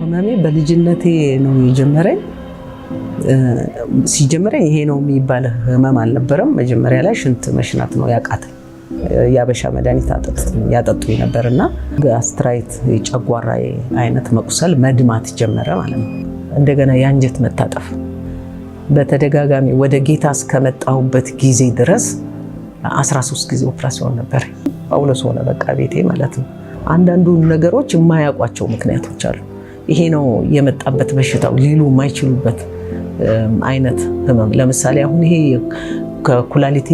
ህመሜ በልጅነቴ ነው የጀመረኝ። ሲጀመረኝ ይሄ ነው የሚባል ህመም አልነበረም። መጀመሪያ ላይ ሽንት መሽናት ነው ያቃተኝ። የአበሻ መድኃኒት ያጠጡኝ ነበር እና በአስትራይት የጨጓራ አይነት መቁሰል መድማት ጀመረ ማለት ነው። እንደገና የአንጀት መታጠፍ በተደጋጋሚ ወደ ጌታ እስከመጣሁበት ጊዜ ድረስ 13 ጊዜ ኦፕራሲዮን ነበር። ጳውሎስ ሆነ በቃ ቤቴ ማለት ነው። አንዳንዱ ነገሮች የማያውቋቸው ምክንያቶች አሉ ይሄ ነው የመጣበት በሽታው ሊሉ የማይችሉበት አይነት ህመም። ለምሳሌ አሁን ይሄ ከኩላሊቴ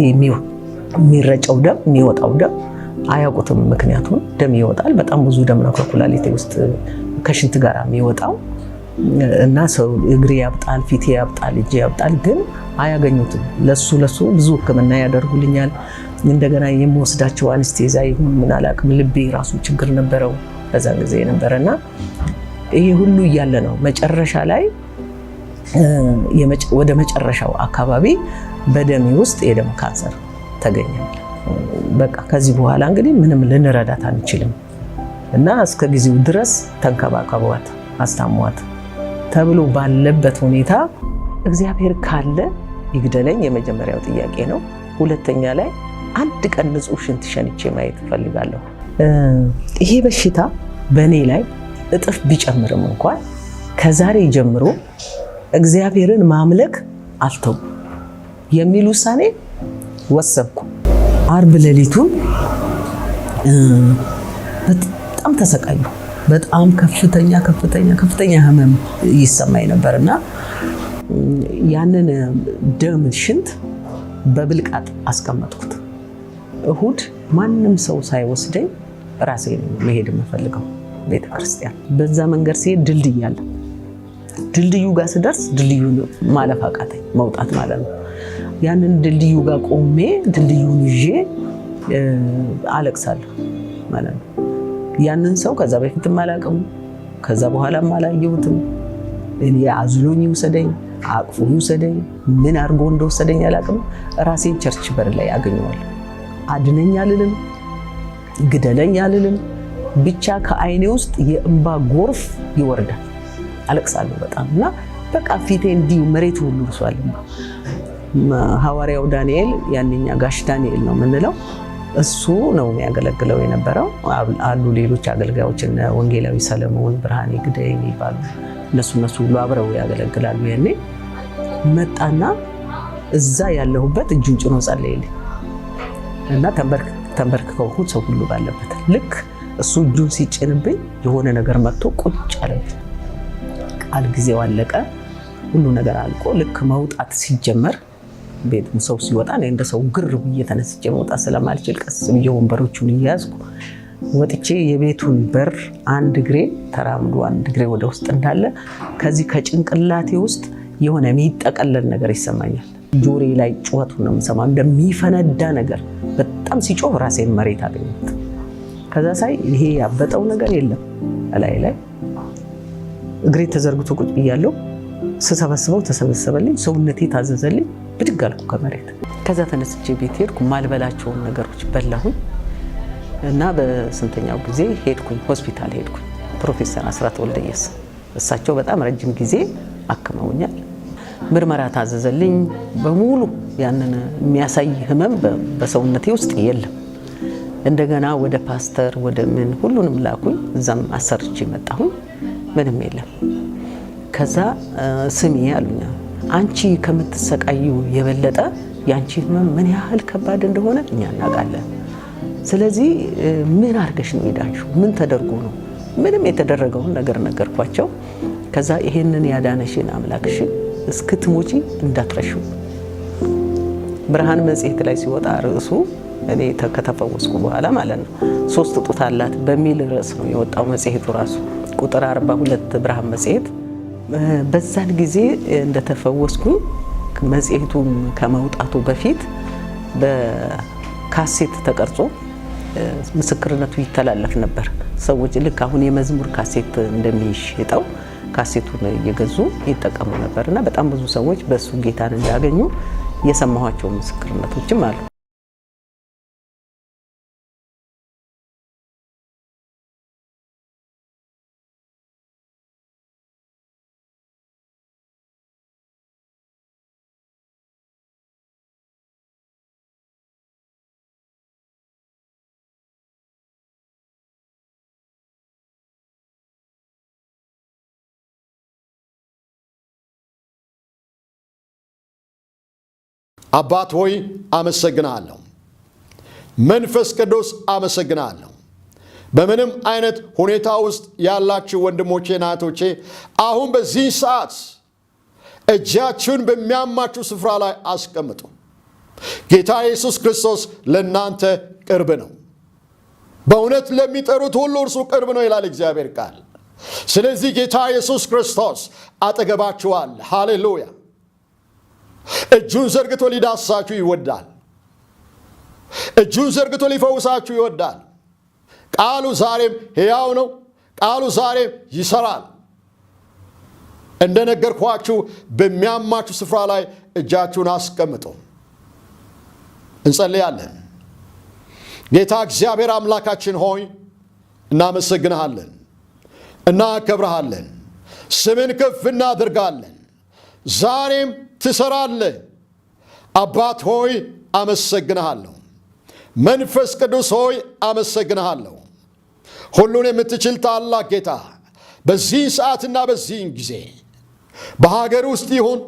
የሚረጨው ደም የሚወጣው ደም አያውቁትም። ምክንያቱም ደም ይወጣል፣ በጣም ብዙ ደም ነው ከኩላሊቴ ውስጥ ከሽንት ጋር የሚወጣው እና ሰው እግሬ ያብጣል፣ ፊቴ ያብጣል፣ እጄ ያብጣል፣ ግን አያገኙትም። ለሱ ለሱ ብዙ ህክምና ያደርጉልኛል። እንደገና የምወስዳቸው አንስቴዛ ይሁን ምን አላውቅም። ልቤ ራሱ ችግር ነበረው በዛ ጊዜ ነበረ እና ይሄ ሁሉ እያለ ነው መጨረሻ ላይ ወደ መጨረሻው አካባቢ በደሜ ውስጥ የደም ካንሰር ተገኘ። በቃ ከዚህ በኋላ እንግዲህ ምንም ልንረዳት አንችልም እና እስከ ጊዜው ድረስ ተንከባከቧት፣ አስታሟት ተብሎ ባለበት ሁኔታ እግዚአብሔር ካለ ይግደለኝ የመጀመሪያው ጥያቄ ነው። ሁለተኛ ላይ አንድ ቀን ንጹህ ሽንት ሸንቼ ማየት እፈልጋለሁ። ይሄ በሽታ በእኔ ላይ እጥፍ ቢጨምርም እንኳን ከዛሬ ጀምሮ እግዚአብሔርን ማምለክ አልተው የሚል ውሳኔ ወሰንኩ። አርብ ሌሊቱን በጣም ተሰቃዩ። በጣም ከፍተኛ ከፍተኛ ከፍተኛ ህመም ይሰማኝ ነበር እና ያንን ደም ሽንት በብልቃጥ አስቀመጥኩት። እሁድ ማንም ሰው ሳይወስደኝ ራሴ ነው መሄድ የምፈልገው። ቤተክርስቲያን። በዛ መንገድ ሲሄድ ድልድይ አለ። ድልድዩ ጋር ስደርስ ድልድዩን ማለፍ አቃተኝ፣ መውጣት ማለት ነው። ያንን ድልድዩ ጋር ቆሜ ድልድዩን ይዤ አለቅሳለሁ ማለት ነው። ያንን ሰው ከዛ በፊትም አላቅም፣ ከዛ በኋላም አላየሁትም። እኔ አዝሎኝ ይውሰደኝ አቅፎ ይውሰደኝ ምን አድርጎ እንደወሰደኝ አላቅም። ራሴን ቸርች በር ላይ አገኘዋለሁ። አድነኝ አልልም፣ ግደለኝ አልልም። ብቻ ከአይኔ ውስጥ የእንባ ጎርፍ ይወርዳል። አለቅሳለሁ በጣም እና በቃ ፊቴ እንዲህ መሬት ሁሉ እርሷል። ሐዋርያው ዳንኤል ያንኛ ጋሽ ዳንኤል ነው የምንለው እሱ ነው የሚያገለግለው የነበረው። አሉ ሌሎች አገልጋዮች ወንጌላዊ ሰለሞን፣ ብርሃኔ ግደ የሚባሉ እነሱ እነሱ ሁሉ አብረው ያገለግላሉ። ያኔ መጣና እዛ ያለሁበት እጁን ጭኖ ጸለየልኝ እና ተንበርክከው ሰው ሁሉ ባለበት ልክ እሱ እጁን ሲጭንብኝ የሆነ ነገር መጥቶ ቁጭ አለብኝ። ቃል ጊዜው አለቀ፣ ሁሉ ነገር አልቆ ልክ መውጣት ሲጀመር ቤት ሰው ሲወጣ እኔ እንደ ሰው ግር ብዬ ተነስቼ መውጣት ስለማልችል ቀስ ብዬ ወንበሮቹን እያያዝኩ ወጥቼ የቤቱን በር አንድ እግሬ ተራምዶ አንድ እግሬ ወደ ውስጥ እንዳለ ከዚህ ከጭንቅላቴ ውስጥ የሆነ የሚጠቀለል ነገር ይሰማኛል። ጆሬ ላይ ጩኸቱ ነው የምሰማ፣ እንደሚፈነዳ ነገር በጣም ሲጮህ ራሴን መሬት አገኘት። ከዛ ሳይ ይሄ ያበጠው ነገር የለም። እላይ ላይ እግሬ ተዘርግቶ ቁጭ ብያለሁ። ስሰበስበው ተሰበሰበልኝ፣ ሰውነቴ ታዘዘልኝ፣ ብድግ አልኩ ከመሬት። ከዛ ተነስቼ ቤት ሄድኩ። ማልበላቸውን ነገሮች በላሁኝ እና በስንተኛው ጊዜ ሄድኩኝ፣ ሆስፒታል ሄድኩኝ። ፕሮፌሰር አስራት ወልደየስ እሳቸው በጣም ረጅም ጊዜ አክመውኛል። ምርመራ ታዘዘልኝ። በሙሉ ያንን የሚያሳይ ህመም በሰውነቴ ውስጥ የለም። እንደገና ወደ ፓስተር ወደ ምን ሁሉንም ላኩኝ። እዛም አሰርቼ መጣሁኝ። ምንም የለም። ከዛ ስሜ አሉኛ አንቺ ከምትሰቃዩ የበለጠ የአንቺ ህመም ምን ያህል ከባድ እንደሆነ እኛ እናውቃለን። ስለዚህ ምን አድርገሽ ነው የዳንሽው? ምን ተደርጎ ነው? ምንም የተደረገውን ነገር ነገርኳቸው። ከዛ ይሄንን ያዳነሽን አምላክሽን እስክትሞጪ እንዳትረሹ ብርሃን መጽሔት ላይ ሲወጣ ርዕሱ እኔ ከተፈወስኩ በኋላ ማለት ነው። ሶስት ጡት አላት በሚል ርዕስ ነው የወጣው መጽሔቱ ራሱ ቁጥር 42 ብርሃን መጽሔት። በዛን ጊዜ እንደተፈወስኩኝ መጽሔቱ ከመውጣቱ በፊት በካሴት ተቀርጾ ምስክርነቱ ይተላለፍ ነበር። ሰዎች ልክ አሁን የመዝሙር ካሴት እንደሚሸጠው ካሴቱን እየገዙ ይጠቀሙ ነበር እና በጣም ብዙ ሰዎች በእሱ ጌታን እንዳገኙ የሰማኋቸው ምስክርነቶችም አሉ። አባት ሆይ አመሰግናለሁ። መንፈስ ቅዱስ አመሰግናለሁ። በምንም አይነት ሁኔታ ውስጥ ያላችሁ ወንድሞቼ ናቶቼ አሁን በዚህ ሰዓት እጃችሁን በሚያማችሁ ስፍራ ላይ አስቀምጡ። ጌታ ኢየሱስ ክርስቶስ ለእናንተ ቅርብ ነው። በእውነት ለሚጠሩት ሁሉ እርሱ ቅርብ ነው ይላል እግዚአብሔር ቃል። ስለዚህ ጌታ ኢየሱስ ክርስቶስ አጠገባችኋል። ሃሌሉያ እጁን ዘርግቶ ሊዳስሳችሁ ይወዳል። እጁን ዘርግቶ ሊፈውሳችሁ ይወዳል። ቃሉ ዛሬም ሕያው ነው። ቃሉ ዛሬም ይሰራል። እንደነገርኳችሁ በሚያማችሁ ስፍራ ላይ እጃችሁን አስቀምጡ። እንጸልያለን። ጌታ እግዚአብሔር አምላካችን ሆይ እናመሰግንሃለን፣ እናከብረሃለን፣ ስምን ከፍ እናደርጋለን ዛሬም ትሰራለህ። አባት ሆይ አመሰግንሃለሁ። መንፈስ ቅዱስ ሆይ አመሰግንሃለሁ። ሁሉን የምትችል ታላቅ ጌታ በዚህን ሰዓትና በዚህን ጊዜ በሀገር ውስጥ ይሁን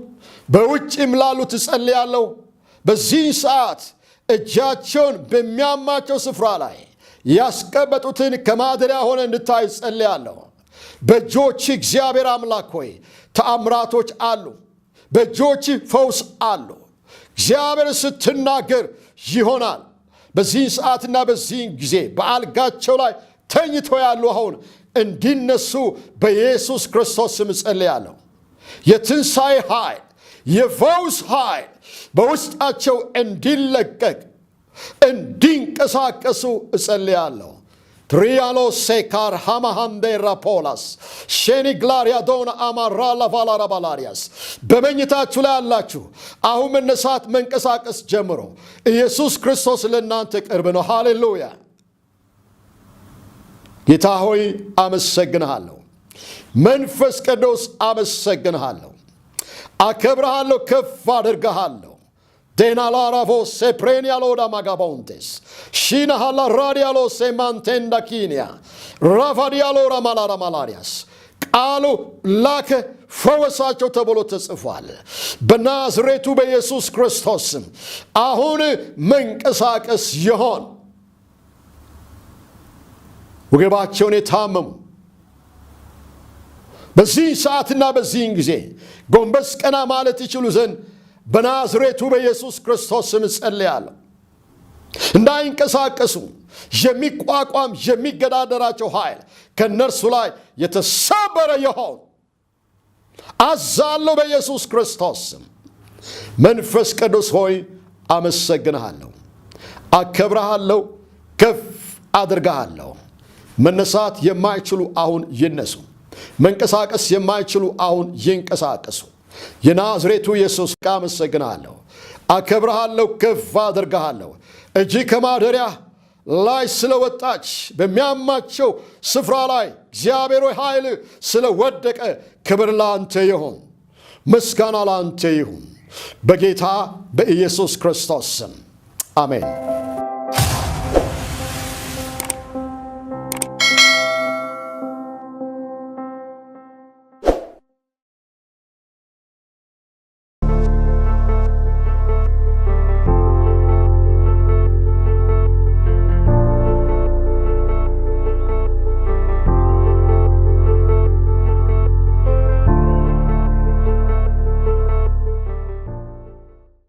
በውጭም ላሉ ትጸልያለሁ። በዚህን ሰዓት እጃቸውን በሚያማቸው ስፍራ ላይ ያስቀመጡትን ከማደሪያ ሆነ እንድታይ ጸልያለሁ። በእጆች እግዚአብሔር አምላክ ሆይ ተአምራቶች አሉ። በእጆች ፈውስ አሉ እግዚአብሔር ስትናገር ይሆናል። በዚህን ሰዓትና በዚህን ጊዜ በአልጋቸው ላይ ተኝተው ያሉ አሁን እንዲነሱ በኢየሱስ ክርስቶስ ስም ጸልያለሁ። የትንሣኤ ኃይል የፈውስ ኃይል በውስጣቸው እንዲለቀቅ እንዲንቀሳቀሱ እጸልያለሁ። ሴካር ሃማሃንዴራ ፖላስ ሼኒ ግላሪያ ዶን አማራ ላቫላ ራባላሪያስ በመኝታችሁ ላይ አላችሁ። አሁን መነሳት መንቀሳቀስ ጀምሮ ኢየሱስ ክርስቶስ ለእናንተ ቅርብ ነው። ሃሌሉያ። ጌታ ሆይ አመሰግንሃለሁ። መንፈስ ቅዱስ አመሰግንሃለሁ። አከብረሃለሁ። ከፍ አድርገሃለሁ። denalaravo seprenialoda magabontes shinahalaradialo semantendakinia ራፋዲያሎራ ማላራ ማላሪያስ ቃሉ ላከ ፈወሳቸው ተብሎ ተጽፏል። በናዝሬቱ በኢየሱስ ክርስቶስም አሁን መንቀሳቀስ ይሆን ወገባቸውን የታመሙ በዚህ ሰዓትና በዚህን ጊዜ ጎንበስ ቀና ማለት ይችሉ ዘንድ በናዝሬቱ በኢየሱስ ክርስቶስ ስም እጸልያለሁ። እንዳይንቀሳቀሱ የሚቋቋም የሚገዳደራቸው ኃይል ከእነርሱ ላይ የተሰበረ የሆን አዛለሁ፣ በኢየሱስ ክርስቶስ ስም። መንፈስ ቅዱስ ሆይ አመሰግንሃለሁ፣ አከብረሃለሁ፣ ከፍ አድርገሃለሁ። መነሳት የማይችሉ አሁን ይነሱ። መንቀሳቀስ የማይችሉ አሁን ይንቀሳቀሱ። የናዝሬቱ ኢየሱስ ቃ አመሰግናለሁ፣ አከብረሃለሁ፣ ከፍ አድርገሃለሁ። እጅ ከማደሪያ ላይ ስለወጣች በሚያማቸው ስፍራ ላይ እግዚአብሔር ሆይ ኃይል ስለወደቀ ክብር ለአንተ ይሁን፣ ምስጋና ለአንተ ይሁን በጌታ በኢየሱስ ክርስቶስ ስም አሜን።